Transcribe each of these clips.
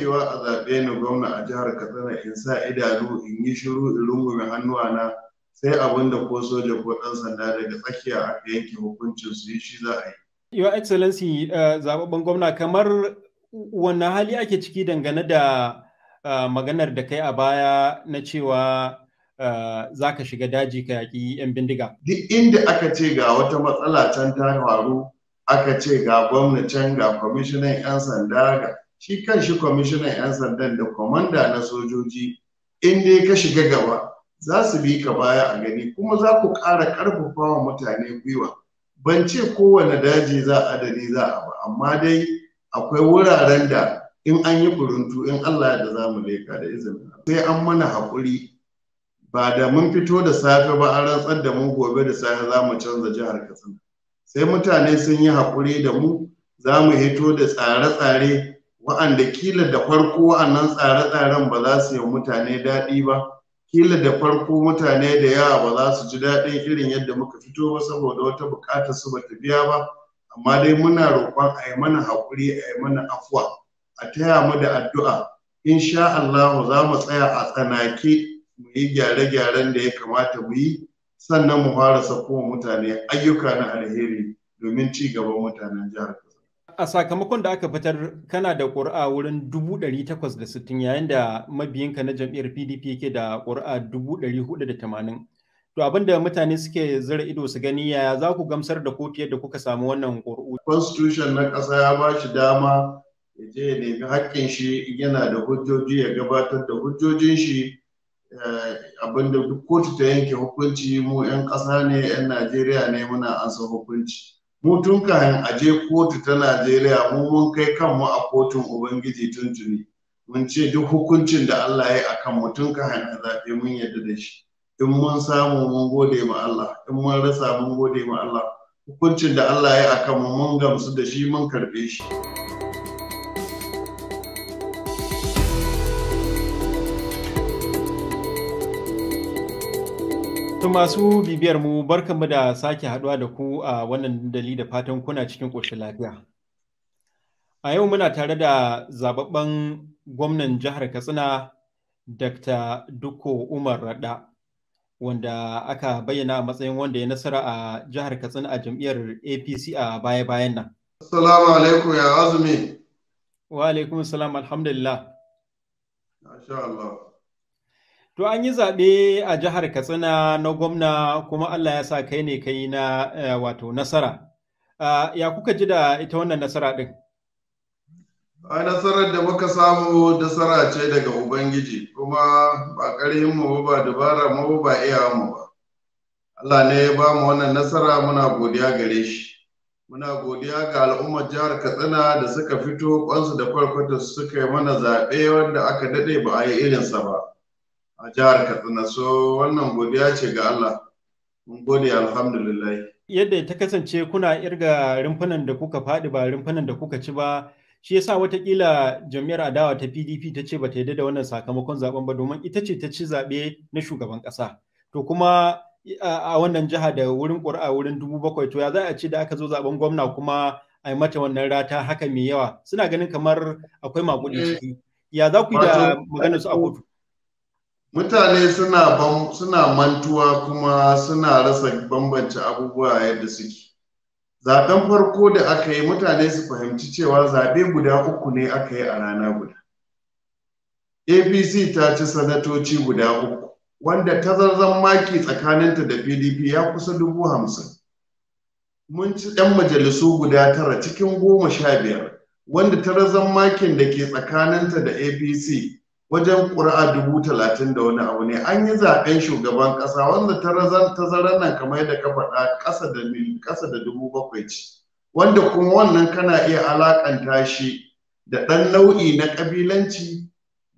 yiwa a zaɓe ni gwamna a jihar katsina in sa idanu in yi shiru in rungume hannuwana sai abin da ko soja ko ɗan sanda daga tsakiya aka yanke hukuncin su yi shi za a yi. Your Excellency eh, zababben gwamna kamar wanne hali ake ciki dangane da eh, maganar da kai a baya na cewa eh, za ka shiga daji ka yaƙi 'yan bindiga. Duk inda aka ce ga wata matsala can ta faru aka ce ga gwamna can ga kwamishinan 'yan sanda ga shi kan shi kwamishinan 'yan sandan da kwamanda na sojoji in dai ka shiga gaba za su bi ka baya a gani kuma za ku ƙara ƙarfafa wa mutane gwiwa ban ce kowane daji za a adadi za a ba amma dai akwai wuraren da in an yi kuruntu in Allah da za mu leka da izinin sai an mana haƙuri ba da mun fito da safe ba an rantsar da mu gobe da safe za mu canza jihar Katsina sai mutane sun yi haƙuri da mu za mu hito da tsare-tsare wa'anda kila da farko wa'annan tsare-tsaren ba za su yi mutane daɗi ba kila da farko mutane da yawa ba za su ji daɗin irin yadda muka fito ba saboda wata buƙatar su bata biya ba amma dai muna roƙon a yi mana haƙuri a yi mana afuwa a taya mu da addu'a insha Allah za mu tsaya a tsanaki mu yi gyare-gyaren da ya kamata mu yi sannan mu fara sako mutane ayyuka na alheri domin ci gaban mutanen jihar a sakamakon da aka fitar kana da ƙura wurin 860 yayin da mabiyinka na jam'iyyar pdp yake da ƙura 480 to abinda mutane suke zira ido su gani yaya za ku gamsar da kotu yadda kuka samu wannan ƙuri'u constitution na ƙasa ya ba shi dama ya je ya nemi haƙƙin shi yana da hujjoji ya gabatar da hujjojin shi eh, abin duk kotu ta yanke hukunci mu 'yan ƙasa ne 'yan najeriya ne muna ansa hukunci mu tun kayan aje kotu ta Najeriya mu mun kai kanmu a kotun Ubangiji tuntuni mun ce duk hukuncin da Allah ya yi a kan mutum kayan a zaɓe mun yadda da shi in mun samu mun gode ma Allah in mun rasa mun gode ma Allah hukuncin da Allah ya yi a kan mun gamsu da shi mun karɓe shi. To masu bibiyar mu barkanmu da sake haduwa da ku a wannan dandali da fatan kuna cikin ƙoshin lafiya. A yau muna tare da zababben gwamnan jihar Katsina Dr. duko Umar Rada wanda aka bayyana a matsayin wanda ya nasara a jihar Katsina a jam'iyyar APC a baya-bayan nan. Assalamu alaikum ya azumi. Wa alaikum salam alhamdulillah. Masha Allah. To an yi zaɓe a jihar Katsina na gwamna kuma Allah ya sa kai ne kai na eh, wato nasara. Ah, ya kuka ji da ita wannan nasara ɗin? A nasarar da muka samu nasara ce daga Ubangiji kuma ba ƙarhin mu ba dabara mu ba iya mu ba. Allah ne ya ba mu wannan nasara muna godiya gare shi. Muna godiya ga al'ummar jihar Katsina da suka fito kwansu da kwarkwatar suka yi mana zaɓe wanda aka daɗe ba a yi irinsa ba. a jihar katsina so wannan godiya ce ga allah mun gode alhamdulillah yadda ta kasance kuna irga rumfunan da kuka faɗi ba rumfunan da kuka ci ba shi yasa watakila jami'ar adawa ta pdp ta ce ba ta yarda da wannan sakamakon zaben ba domin ita ce ta ci zaɓe na shugaban ƙasa to kuma a wannan jiha da wurin ƙuri'a wurin dubu bakwai to ya za a ce da aka zo zaben gwamna kuma a yi mata wannan rata haka mai yawa suna ganin kamar akwai maguɗi eh, ciki ya za ku yi da maganarsu a kotu mutane suna suna mantuwa kuma suna rasa bambanci abubuwa yadda suke zaben farko da aka yi mutane su fahimci cewa zaɓe guda uku ne aka yi a rana guda apc ta ci sanatoci guda uku wanda tazarzan maki tsakaninta da pdp ya kusa dubu hamsin mun ci 'yan majalisu guda tara cikin goma sha biyar wanda tazarzan makin da ke tsakaninta da apc wajen ƙuri'a dubu talatin da wani abu ne an yi zaɓen shugaban ƙasa wanda ta zarar nan kamar yadda ka faɗa ƙasa da dubu bakwai ce wanda kuma wannan kana iya alaƙanta shi da ɗan nau'i na ƙabilanci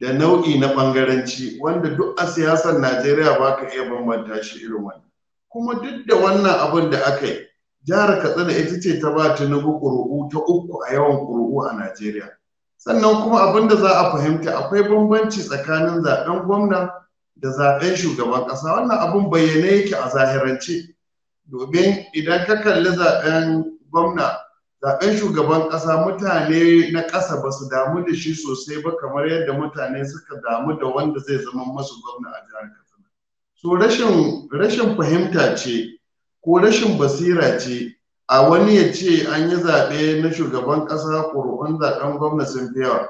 da nau'i na ɓangaranci wanda duk a siyasar najeriya ba ka iya bambanta shi irin wannan kuma duk da wannan abin da aka yi jihar katsina ita ce ta ba tinubu ƙuri'u ta uku a yawan ƙuri'u a najeriya sannan kuma abin da za a fahimta akwai bambanci tsakanin zaɓen gwamna da zaɓen shugaban ƙasa wannan abin bayyane yake a zahirance domin idan ka kalli zaben gwamna zaben shugaban ƙasa mutane na ƙasa ba su damu da shi sosai ba kamar yadda mutane suka damu da wanda zai zama masu gwamna a jihar katsina so rashin fahimta ce ko rashin basira ce a wani ya ce an yi zaɓe na shugaban ƙasa ƙuri'un zaɓen gwamna sun fi yawa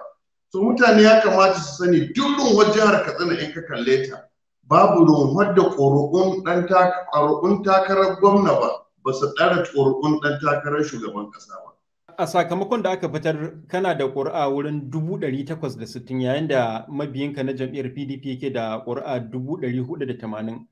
to mutane ya kamata su sani duk wajen jihar katsina in ka kalle ta babu runhuwar da ƙuri'un ɗan takarar gwamna ba ba su ɗara ƙuri'un ɗan takarar shugaban ƙasa ba a sakamakon da aka fitar kana da ƙuri'a wurin dubu ɗari takwas da sittin, yayin da mabiyinka na jam'iyyar pdp yake da ƙuri'a tamanin.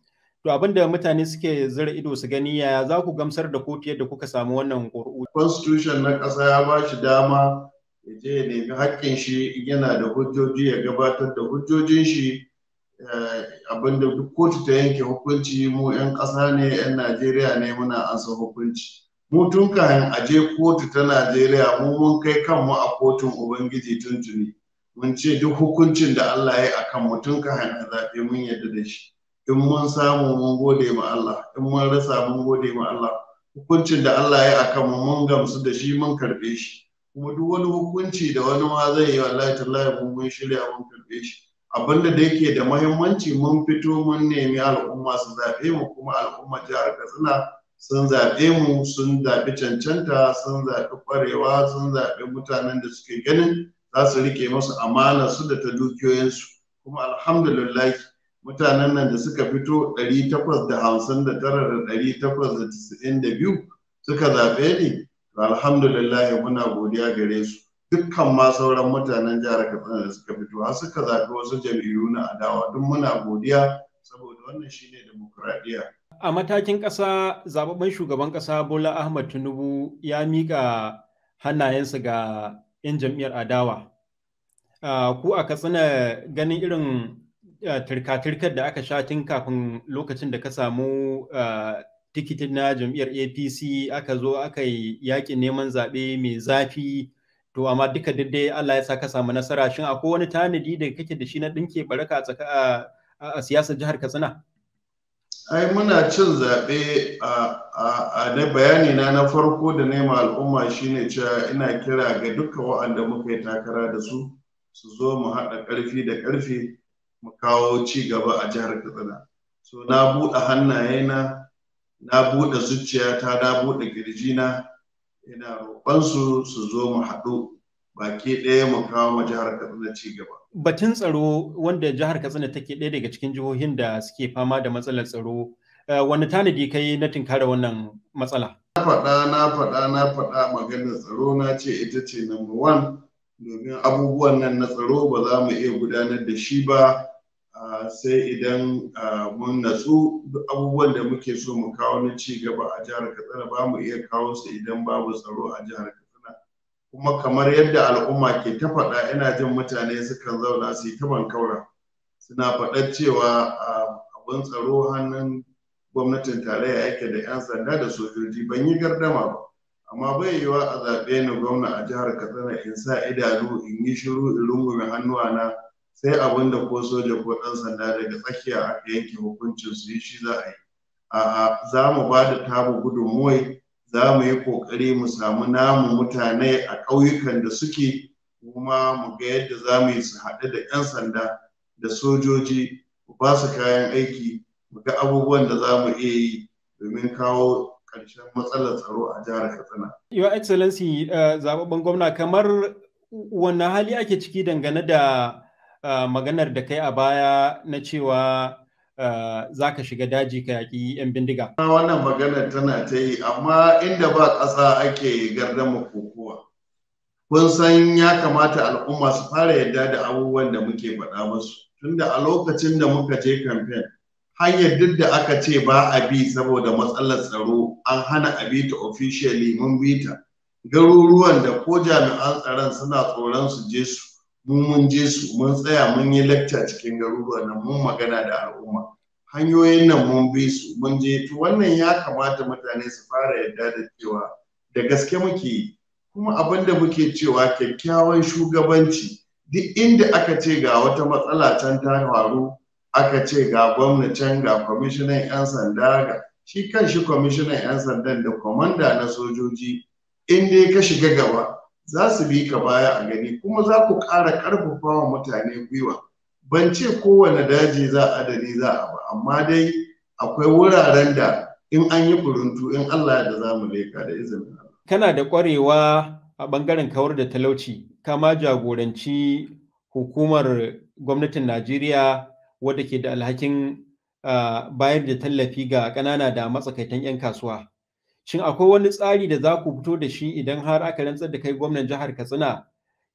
To abin da mutane suke zira ido su gani yaya za ku gamsar da kotu yadda kuka samu wannan ƙuri'u. Constitution na ƙasa ya ba shi dama ya je ya nemi haƙƙin shi yana da hujjoji ya gabatar da hujjojin shi eh, abin da duk kotu ta yanke hukunci mu 'yan ƙasa ne 'yan Najeriya ne muna san hukunci. Mu tun kayan aje kotu ta Najeriya mu mun kai kanmu a kotun Ubangiji tuntuni. Mun ce duk hukuncin da Allah ya yi a kan tun kayan a zaɓe mun yarda da shi. in mun samu mun gode ma Allah in mun rasa mun gode ma Allah hukuncin da Allah ya akan mu mun gamsu da shi mun karbe shi kuma duk wani hukunci da wani ma zai yi wallahi tallahi mun mun shirya mun karbe shi abinda da yake da muhimmanci mun fito mun nemi al'umma su zaɓe mu kuma al'umma jihar Katsina sun zaɓe mu sun zaɓi cancanta sun zaɓi kwarewa sun zaɓi mutanen da suke ganin za su rike musu amana su da ta dukiyoyinsu kuma alhamdulillah mutanen nan da suka fito 859,892 suka zaɓe ni alhamdulillah muna godiya gare su dukkan ma sauran mutanen jihar katsina da suka fito har suka zaɓi wasu jam'iyyu na adawa duk muna godiya saboda wannan shine demokuraɗiyya. a matakin ƙasa zababben shugaban ƙasa bola ahmad tinubu ya miƙa hannayensa ga 'yan jam'iyyar adawa ku a katsina ganin irin Eh, turka-turkar da aka sha tun kafin lokacin da ka samu eh, tikitin na jam'iyyar apc aka zo aka yi yakin neman zaɓe mai zafi to amma duka dai allah ya sa ka samu nasara shin akwai wani tanadi da kake da shi na ɗinke baraka a siyasar jihar katsina ai muna cin zaɓe a na bayani na na farko da nema al'umma shine cewa ina kira ga dukkan wa'anda muka yi takara da su su zo mu haɗa ƙarfi da ƙarfi mu kawo ci gaba a jihar katsina so na buɗe hannayena na buɗe zuciyata na buɗe ƙirjina ina roƙonsu su zo mu haɗu baki ɗaya mu kawo ma jihar katsina ci gaba batun tsaro wanda jihar katsina take ɗaya daga cikin jihohin da suke fama da matsalar tsaro eh, wani tanadi kai na tinkara wannan matsala na faɗa na faɗa na faɗa maganar tsaro na ce ita ce number one domin abubuwan nan na tsaro ba za mu iya gudanar da shi ba sai idan mun natsu abubuwan da muke so mu kawo na ci gaba a jihar katsina ba mu iya kawo su idan babu tsaro a jihar katsina kuma kamar yadda al'umma ke ta faɗa ina jin mutane sukan zauna su yi taban kaura suna faɗar cewa abin tsaro hannun gwamnatin tarayya yake da 'yan sanda da sojoji ban yi gardama ba amma bai yiwa a zaɓe ni gwamna a jihar katsina in sa idanu in yi shiru in rungume na. sai abin da ko soja ko ɗan sanda daga tsakiya aka yanke hukuncin su yi shi za a yi a'a za mu ba da tabu gudunmuwai za mu yi ƙoƙari mu samu namu mutane a ƙauyukan da suke kuma mu ga yadda za mu yi su haɗu da ƴan sanda da sojoji mu ba su kayan aiki mu ga abubuwan da za mu iya yi domin kawo ƙarshen matsalar tsaro a jihar katsina. your excellency eh, zababben gwamna kamar wannan hali ake ciki dangane da Ah, maganar da kai a baya na cewa uh, za ka shiga daji ka yaƙi 'yan bindiga. Ah, wannan maganar tana ta yi, amma inda ba ƙasa ake gardama kokowa. Kun san ya kamata al'umma su fara yadda da abubuwan da muke faɗa musu. Tunda a lokacin da muka je kamfen, hanyar duk da aka ce ba a bi saboda matsalar tsaro an hana a bi ta officially mun bi ta. Garuruwan da ko jami'an tsaron suna tsoron su je su mu mun je su mun tsaya mun yi lecture cikin garuruwa nan mun magana da al'umma hanyoyin nan mun bi su mun je to wannan ya kamata mutane su fara yarda da cewa da gaske muke kuma abin da muke cewa kyakkyawan shugabanci duk inda aka ce ga wata matsala can ta faru aka ce ga gwamnatin ga kwamishinan 'yan sanda ga shi kan shi kwamishinan 'yan sanda da kwamanda na sojoji in dai ka shiga gaba za su bi ka baya a gani kuma za ku ƙara ƙarfafa wa mutane gwiwa ban ce kowane daji za a dare za a ba amma dai akwai wuraren da in an yi kuruntu in Allah ya da za mu leka da izini Kana da ƙwarewa a ɓangaren kawar da talauci kama jagoranci hukumar gwamnatin Najeriya wadda ke da alhakin ah, bayar da tallafi ga ƙanana da matsakaitan 'yan kasuwa. Shin akwai wani tsari da za ku fito da shi idan har aka rantsar da kai gwamnan jihar Katsina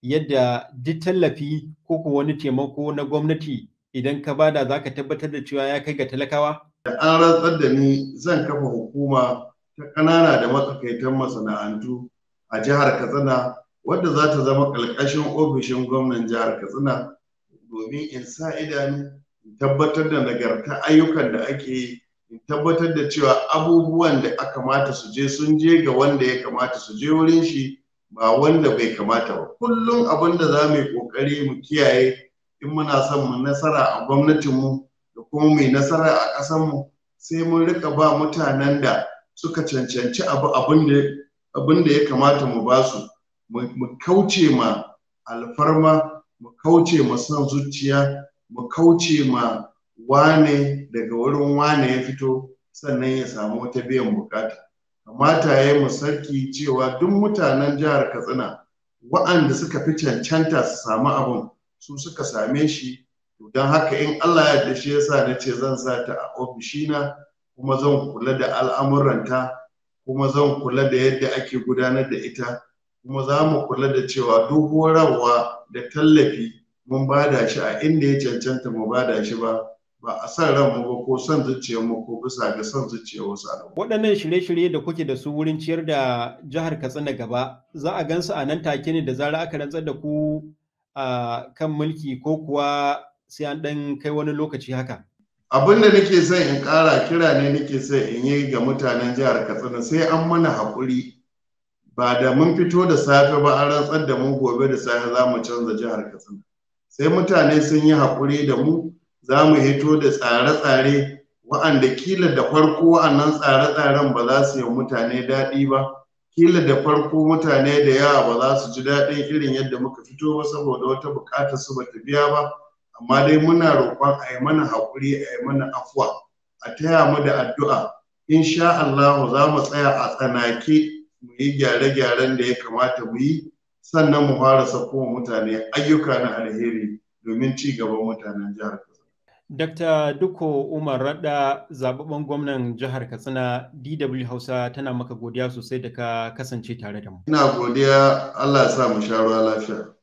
yadda duk tallafi ko ko wani taimako na gwamnati idan ka bada za ka tabbatar da cewa ya kai ga talakawa? Da an rantsar da ni zan kafa hukuma ta ƙanana da matsakaitan masana'antu a jihar Katsina wadda za ta zama ƙarƙashin ofishin gwamnan jihar Katsina domin in sa idanu tabbatar da nagarta ayyukan da ake yi tabbatar da cewa abubuwan da aka mata su je sun je ga wanda ya kamata su je wurin shi ba wanda bai kamata ba kullum abin da za mu yi kokari mu kiyaye in muna son mu nasara a gwamnatinmu da kuma mu nasara a ƙasanmu sai mun rika ba mutanen da suka cancanci abu abin da ya kamata mu ba su mu kauce ma alfarma mu kauce ma son zuciya mu kauce ma wane daga wurin wane ya fito sannan ya samu wata biyan bukata kamata ya yi musarki cewa duk mutanen jihar katsina wa'anda suka fi cancanta su samu abin su suka same shi don haka in allah ya shi ya sa na ce zan sa ta a ofishina kuma zan kula da al'amuranta kuma zan kula da yadda ake gudanar da ita kuma za mu kula da cewa duk horarwa da tallafi mun bada shi a inda ya cancanta mu bada shi ba ba a san ran mu ko son zuciyar mu ko bisa ga son zuciyar wasu al'umma. Waɗannan shirye-shirye da kuke da su wurin ciyar da jihar Katsina gaba za a gansu a nan take ne da zara aka rantsar da ku a kan mulki ko kuwa sai an ɗan kai wani lokaci haka. Abin da nake son in ƙara kira ne nake son in yi ga mutanen jihar Katsina sai an mana haƙuri ba da mun fito da safe ba an rantsar da mu gobe da safe za mu canza jihar Katsina. Sai mutane sun yi haƙuri da mu za mu hito da tsare-tsare wa'anda kila da farko wa'annan tsare-tsaren ba za su yi mutane daɗi ba kila da farko mutane da yawa ba za su ji daɗin irin yadda muka fito ba saboda wata buƙatar su ba ta biya ba amma dai muna roƙon a yi mana haƙuri a yi mana afuwa a taya mu da addu'a insha Allah za mu tsaya a tsanaki mu yi gyare-gyaren da ya kamata mu yi sannan mu fara sako mutane ayyuka na alheri domin ci gaban mutanen jihar Dr. Duko Umar Radda zababben gwamnan jihar Katsina DW Hausa tana maka godiya sosai da ka kasance tare da mu. Ina godiya Allah ya sa mu sha ruwa lafiya.